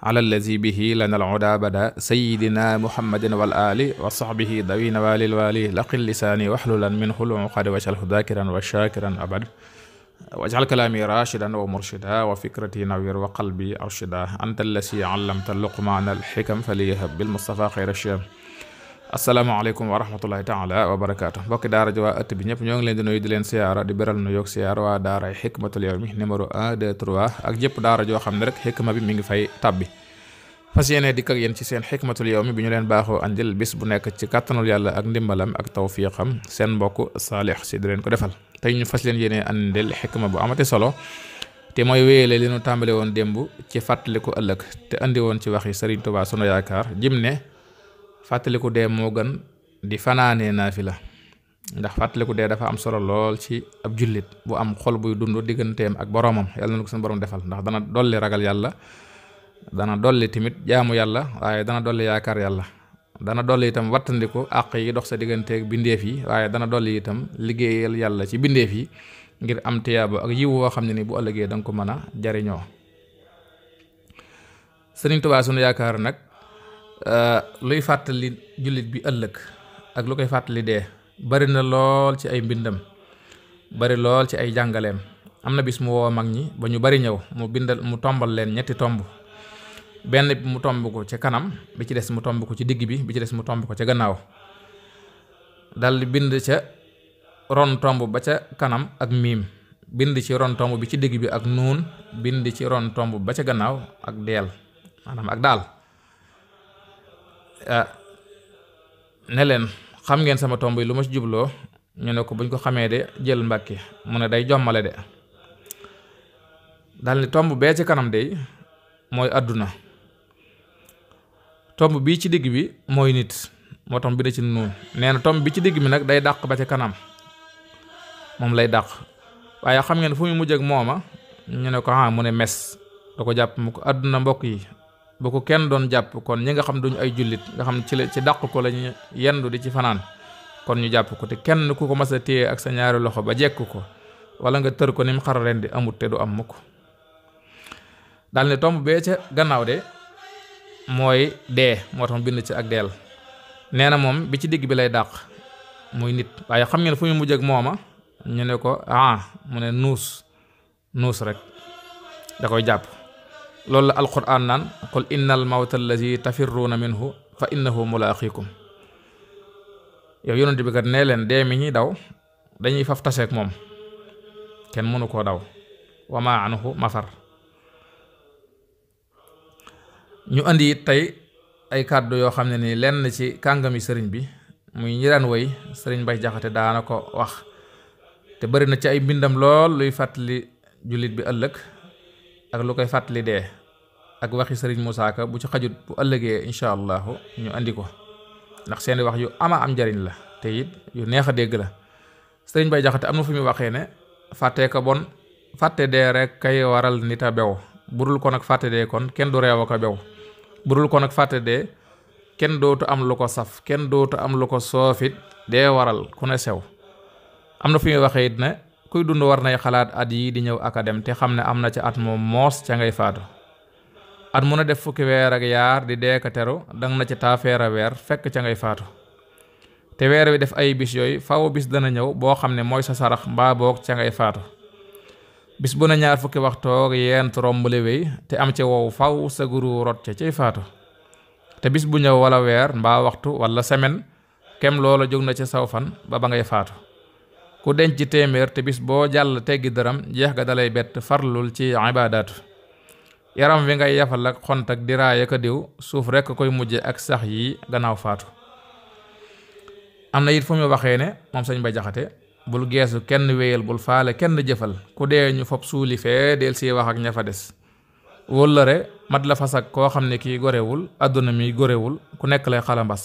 ala allazi bihi lana al-huda bada sayyidina muhammadin wal ali wa sahbihi dawina walil wali laqil lisaani waxlulan min xulum qad waj'alhu dhakiran wa shakiran abad waj'al kalami rashidan wa murshida wa fikrati nawir wa qalbi arshida anta allazi allamta luqmana al-hikam faliyahab bil mustafa khayra shiyam asalaamaaleykum wa rahmatullahi taala wa barakaatu mbokki daara ji waa ëtt bi ñëpp ñoo ngi leen di nuyu di leen siyaara di beral nu yoog siyaar waa daaray xikmatul yawmi numéro 1 2 3 ak jëpp daara joo xam ne rek xikma bi mu ngi fay tabbi fas yéene dikk ak yéen ci seen xikmatul mi bi ñu leen baaxoo andil bis bu nekk ci kàttanul yàlla ak ndimbalam ak tawfiqam seen mbokk saalix si di leen ko defal tey ñu fas leen yéene andil xikma bu amati solo te mooy wéyale li ñu tàmbale woon démb ci fàttaliku ëllëg te andi woon ci waxi Sëriñ Tuubaa sunu yaakaar jim ne fàttaliku dee moo gën di fanaanee la ndax fàttaliku dee dafa am solo lool ci ab jullit bu am xol buy dund digganteem ak boromam yàlla na ko suñu borom defal ndax dana dolli ragal yàlla dana dolli tamit jaamu yàlla waaye dana dolli yaakaar yàlla dana dolli itam wattandiku àq yi dox sa digganteek bindeef yi waaye dana dolli itam liggéeyal yàlla ci bindeef yi ngir am tiyaaba ak yiw woo xam ne ni bu ëllëgee danga ko mën a jariñoo Sëriñ Tuubaa Euh, luy fàttali jullit bi ëllëg ak lu koy fàttali dee bari na lool ci ay mbindam bari lool ci ay jàngaleem am na bis mu woo mag ñi ba ñu bari ñëw mu bindal mu tombal leen ñetti tomb benn bi mu tomb ko ci kanam bi ci des mu tomb ko ci digg bi bi ci des mu tomb ko ca gannaaw daldi bind ca ron tomb ba ca kanam ak miim bind ci ron tomb bi ci digg bi ak nuun bind ci ron tomb ba ca gannaaw ak deel ak daal Ah, ne leen xam ngeen sama tomb yi lu ma ci jubloo ñu ne ko buñ ko xamee de jël mbàkki mu ne day jommale de dal ni tomb bee ci kanam de mooy àdduna tomb bii ci digg bi mooy nit moo tax bi da ci nuun nee na tomb bi ci digg bi nag day dàq ba ci kanam moom lay dàq waaye xam ngeen fu muy mujj ak mooma ñu ne ko ah mu ne mes da ko jàpp mu ko àdduna mbokk yi bu ko kenn doon jàpp kon ñi nga xam duñu ay jullit nga xam ci la ci dàq ko la ñu yendu di ci fanaan kon ñu jàpp ko te kenn ku ko mas a téye ak sa ñaari loxo ba jekk ko wala nga tër ko ni mu xar di amut te du am mukk daal ne tomb bee ca gannaaw de mooy dee moo tax mu bind ci ak deel nee na moom bi ci digg bi lay dàq muy nit waaye xam ngeen fu ñu mujj ak mooma ñu ne ko ah mu ne nuus nuus rek da koy jàpp loolu la alquran naan qul innal mawta allazi tafirruuna minhu fa innahu mulaaqikum yow yonent bi kat nee leen dee mi ñuy daw dañuy faf taseek moom kenn mënu koo daw wama anhu mafar ñu indi it tey ay kàddu yoo xam ne nii lenn ci kàngami sëriñ bi muy ñi daan woy sëriñ Mbay Jaxate daana ko wax te bari na ci ay mbindam lool luy fàttali jullit bi ëllëg ak lu koy fàttali dee ak waxi sëriñ Moussa Ka bu ci xajut bu ëllëgee incha allahu ñu andi ko ndax seeni wax yu ama am njariñ la te it yu neex a dégg la sëriñ Bay Jaxate am na fu muy waxee ne fàttee ko bon fàtte dee rek kay waral nit a bew burul ko nag fàtte kon kenn du reew ko bew burul ko nag fàtte dee kenn dootu am lu ko saf kenn dootu am lu ko soofit dee waral ku ne sew am na fu muy waxee it ne kuy dund war nay xalaat at yi di ñëw ak a dem te xam ne am na ca at moom moos ca ngay faatu at mu a def fukki weer ak yaar di deeka teru dang na ca taafeera weer fekk ca ngay faatu te weer wi def ay bis yooyu faw bis dana ñëw boo xam ne mooy sa sarax mbaa boog ca ngay faatu bis bu na ñaar fukki waxtoog yeen trombale wéy te am ca wow faw sa guru rot ca cay faatu te bis bu ñëw walla weer mbaa waxtu wala semaine kem loola jóg na ca saw fan ba ba ngay faatu ku denc téeméer te bis boo jàll teggi dërëm jeex nga dalay bett farlul ci ibaadaatu yaram wi ngay yafal ak xont ak diraaya ka diw suuf rekk koy mujje ak sax yi gannaaw faatu am na it fu mu waxee ne moom sëñ ba jaxate bul geesu kenn wéyal bul faale kenn jëfal ku dee ñu fob suuli fee del si wax ak ña fa des wóllëre mat la fas koo xam ne kii gorewul àdduna mi gorewul ku nekk lay xalambas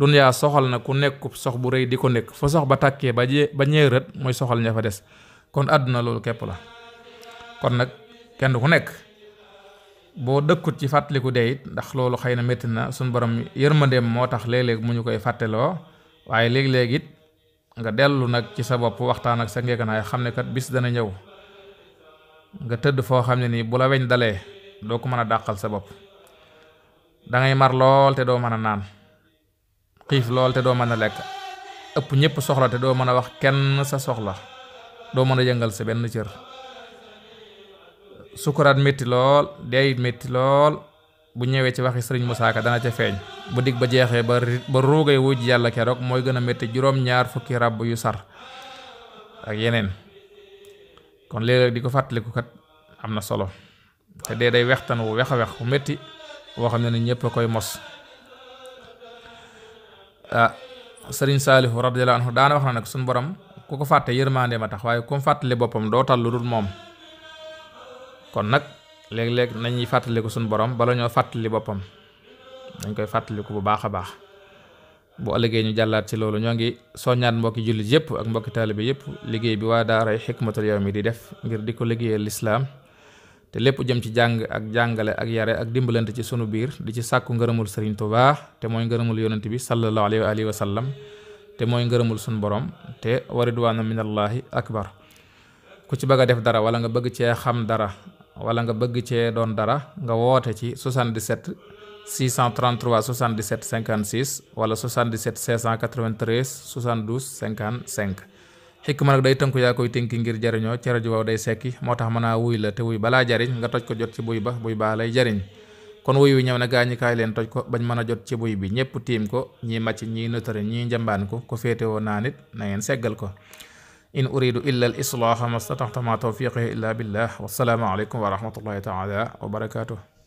dunyaa soxal na ku nekkub sox bu rëy di ko nekk fa sox ba tàkkee ba jee ba ñee mooy soxal ña fa des kon àdduna loolu képp la kon nag kenn ku nekk boo dëkkut ci fàttaliku dee it ndax loolu xëy na métti na suñ borom yërmandeem moo tax léeg-léeg mu ñu koy fàtteloo waaye léegi léeg it nga dellu nag ci sa bopp waxtaan ak sa ngeeganaay xam ne kat bis dana ñëw nga tëdd foo xam ne nii bu la weñ dalee doo ko mën a dàqal sa bopp dangay mar lool doo mën a naan xiif lool te doo mën a lekk ëpp ñëpp soxla te doo mën a wax kenn sa soxla doo mën a yëngal sa benn cër sukuraat metti lool dee it métti lool bu ñëwee ci waxi sëriñ Moussa Ka dana ci feeñ bu digg ba jeexee ba ruugay wujj yàlla keroog mooy gën a métti juróom-ñaar fukki ràbb yu sar ak yeneen kon léeg-léeg di ko fàttalikukat am na solo te dee day wextan wu wex a wex wu métti woo ne ni ñëpp koy mos ah sëriñ saalihu radiyallahu anhu daana wax na nag suñu borom ku ko fàtte yërmande ma tax waaye ku mu fàttali boppam doo tal lu dul moom kon nag léeg-léeg nañuy fàttaliku suñu borom bala ñoo fàttali boppam dañ koy fàttaliku bu baax a baax boo ëllëgee ñu jàllaat ci loolu ñoo ngi soññaat mbokki jullit yëpp ak mbokki taalibe yëpp liggéey bi waa daaray xikmatul yawmi di def ngir di ko liggéeyal lislaam te lépp jëm ci jàng ak jàngale ak yare ak dimbalante ci sunu biir di ci sàkku ngërëmul sëriñ Tuubaa te mooy ngërëmul yonent bi sallallahu alayhi wa sallam te mooy ngërëmul sunu borom te wa ridwaanu minallaahi akbar ku ci bëgg a def dara wala nga bëgg cee xam dara wala nga bëgg cee doon dara nga woote ci 77 633 77 56 wala 77 693 72 55 xikma nag day tënku yaa koy tënki ngir jariñoo ci rajo waaw day sekki moo tax mën naa wuy la te wuy balaa jariñ nga toj ko jot ci buy ba buy baa lay jariñ kon wuy wi ñëw na gaa kaay leen toj ko bañ mën a jot ci buy bi ñëpp tiim ko ñii màcc ñii notari ñii njambaan ko ko féetewoo naa nit na ngeen seggal ko in uridu illa al islaaha mastataxtama tawfiqi illa billah wasalaamu aleykum wa rahmatullahi taala wa barakatuh